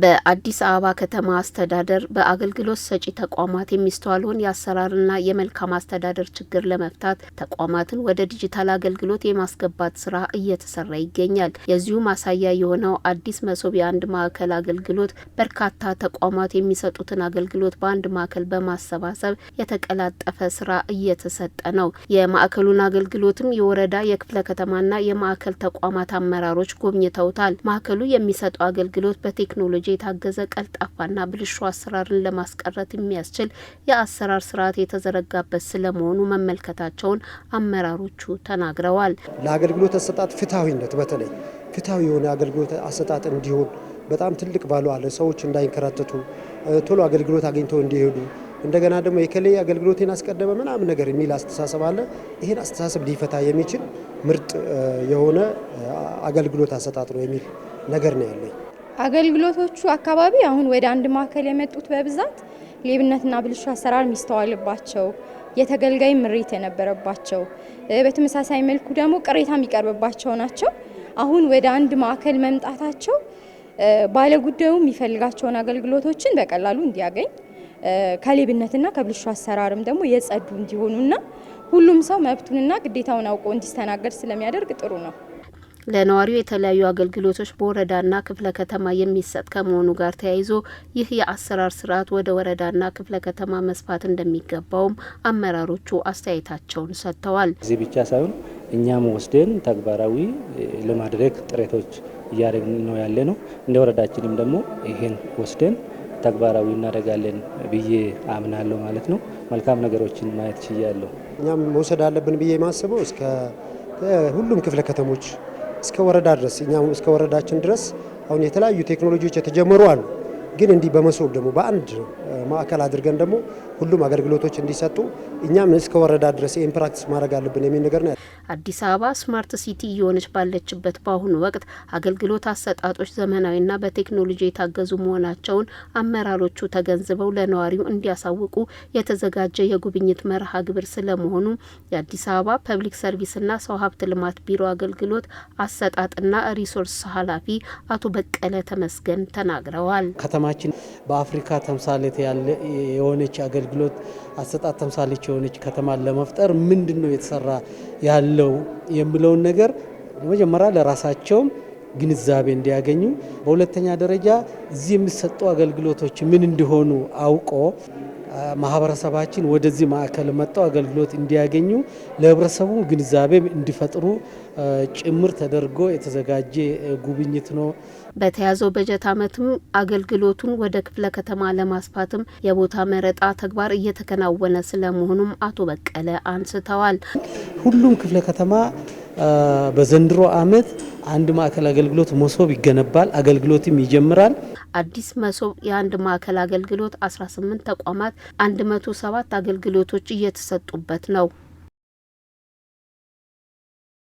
በአዲስ አበባ ከተማ አስተዳደር በአገልግሎት ሰጪ ተቋማት የሚስተዋለውን የአሰራርና የመልካም አስተዳደር ችግር ለመፍታት ተቋማትን ወደ ዲጂታል አገልግሎት የማስገባት ስራ እየተሰራ ይገኛል። የዚሁ ማሳያ የሆነው አዲስ መሶብ የአንድ ማዕከል አገልግሎት በርካታ ተቋማት የሚሰጡትን አገልግሎት በአንድ ማዕከል በማሰባሰብ የተቀላጠፈ ስራ እየተሰጠ ነው። የማዕከሉን አገልግሎትም የወረዳ የክፍለ ከተማና የማዕከል ተቋማት አመራሮች ጎብኝተውታል። ማዕከሉ የሚሰጠው አገልግሎት በቴክኖሎጂ በቴክኖሎጂ የታገዘ ቀልጣፋና ብልሹ አሰራርን ለማስቀረት የሚያስችል የአሰራር ስርዓት የተዘረጋበት ስለመሆኑ መመልከታቸውን አመራሮቹ ተናግረዋል። ለአገልግሎት አሰጣጥ ፍትሐዊነት በተለይ ፍትሐዊ የሆነ አገልግሎት አሰጣጥ እንዲሆን በጣም ትልቅ ባሉ አለ ሰዎች እንዳይንከራተቱ ቶሎ አገልግሎት አግኝተው እንዲሄዱ እንደገና ደግሞ የከሌ አገልግሎቴን አስቀደመ ምናምን ነገር የሚል አስተሳሰብ አለ። ይህን አስተሳሰብ ሊፈታ የሚችል ምርጥ የሆነ አገልግሎት አሰጣጥ ነው የሚል ነገር ነው ያለኝ። አገልግሎቶቹ አካባቢ አሁን ወደ አንድ ማዕከል የመጡት በብዛት ሌብነትና ብልሹ አሰራር የሚስተዋልባቸው የተገልጋይ ምሬት የነበረባቸው በተመሳሳይ መልኩ ደግሞ ቅሬታ የሚቀርብባቸው ናቸው። አሁን ወደ አንድ ማዕከል መምጣታቸው ባለጉዳዩ የሚፈልጋቸውን አገልግሎቶችን በቀላሉ እንዲያገኝ ከሌብነትና ከብልሹ አሰራርም ደግሞ የጸዱ እንዲሆኑና ሁሉም ሰው መብቱንና ግዴታውን አውቆ እንዲስተናገድ ስለሚያደርግ ጥሩ ነው። ለነዋሪው የተለያዩ አገልግሎቶች በወረዳና ክፍለ ከተማ የሚሰጥ ከመሆኑ ጋር ተያይዞ ይህ የአሰራር ስርዓት ወደ ወረዳና ክፍለ ከተማ መስፋት እንደሚገባውም አመራሮቹ አስተያየታቸውን ሰጥተዋል። እዚህ ብቻ ሳይሆን እኛም ወስደን ተግባራዊ ለማድረግ ጥረቶች እያደረግን ነው ያለ ነው። እንደ ወረዳችንም ደግሞ ይህን ወስደን ተግባራዊ እናደርጋለን ብዬ አምናለሁ ማለት ነው። መልካም ነገሮችን ማየት ችያለሁ። እኛም መውሰድ አለብን ብዬ ማስበው እስከ ሁሉም ክፍለ ከተሞች እስከ ወረዳ ድረስ እኛ እስከ ወረዳችን ድረስ አሁን የተለያዩ ቴክኖሎጂዎች የተጀመሩ አሉ። ግን እንዲህ በመሶብ ደግሞ በአንድ ማዕከል አድርገን ደግሞ ሁሉም አገልግሎቶች እንዲሰጡ እኛም እስከ ወረዳ ድረስ ይህን ፕራክቲስ ማድረግ አለብን የሚል ነገር ነው። አዲስ አበባ ስማርት ሲቲ እየሆነች ባለችበት በአሁኑ ወቅት አገልግሎት አሰጣጦች ዘመናዊና በቴክኖሎጂ የታገዙ መሆናቸውን አመራሮቹ ተገንዝበው ለነዋሪው እንዲያሳውቁ የተዘጋጀ የጉብኝት መርሃ ግብር ስለመሆኑ የአዲስ አበባ ፐብሊክ ሰርቪስና ሰው ሀብት ልማት ቢሮ አገልግሎት አሰጣጥና ሪሶርስ ኃላፊ አቶ በቀለ ተመስገን ተናግረዋል። ከተማችን በአፍሪካ ተምሳሌት ያለ የሆነች አገልግሎት አሰጣጥ ተምሳሌት የሆነች ከተማን ለመፍጠር ምንድን ነው የተሰራ ያለው የሚለውን ነገር መጀመሪያ ለራሳቸውም ግንዛቤ እንዲያገኙ፣ በሁለተኛ ደረጃ እዚህ የሚሰጡ አገልግሎቶች ምን እንደሆኑ አውቆ ማህበረሰባችን ወደዚህ ማዕከል መጥተው አገልግሎት እንዲያገኙ ለህብረተሰቡ ግንዛቤ እንዲፈጥሩ ጭምር ተደርጎ የተዘጋጀ ጉብኝት ነው። በተያዘው በጀት ዓመትም አገልግሎቱን ወደ ክፍለ ከተማ ለማስፋትም የቦታ መረጣ ተግባር እየተከናወነ ስለመሆኑም አቶ በቀለ አንስተዋል። ሁሉም ክፍለ ከተማ በዘንድሮ ዓመት አንድ ማዕከል አገልግሎት መሶብ ይገነባል፣ አገልግሎትም ይጀምራል። አዲስ መሶብ የአንድ ማዕከል አገልግሎት 18 ተቋማት 107 አገልግሎቶች እየተሰጡበት ነው።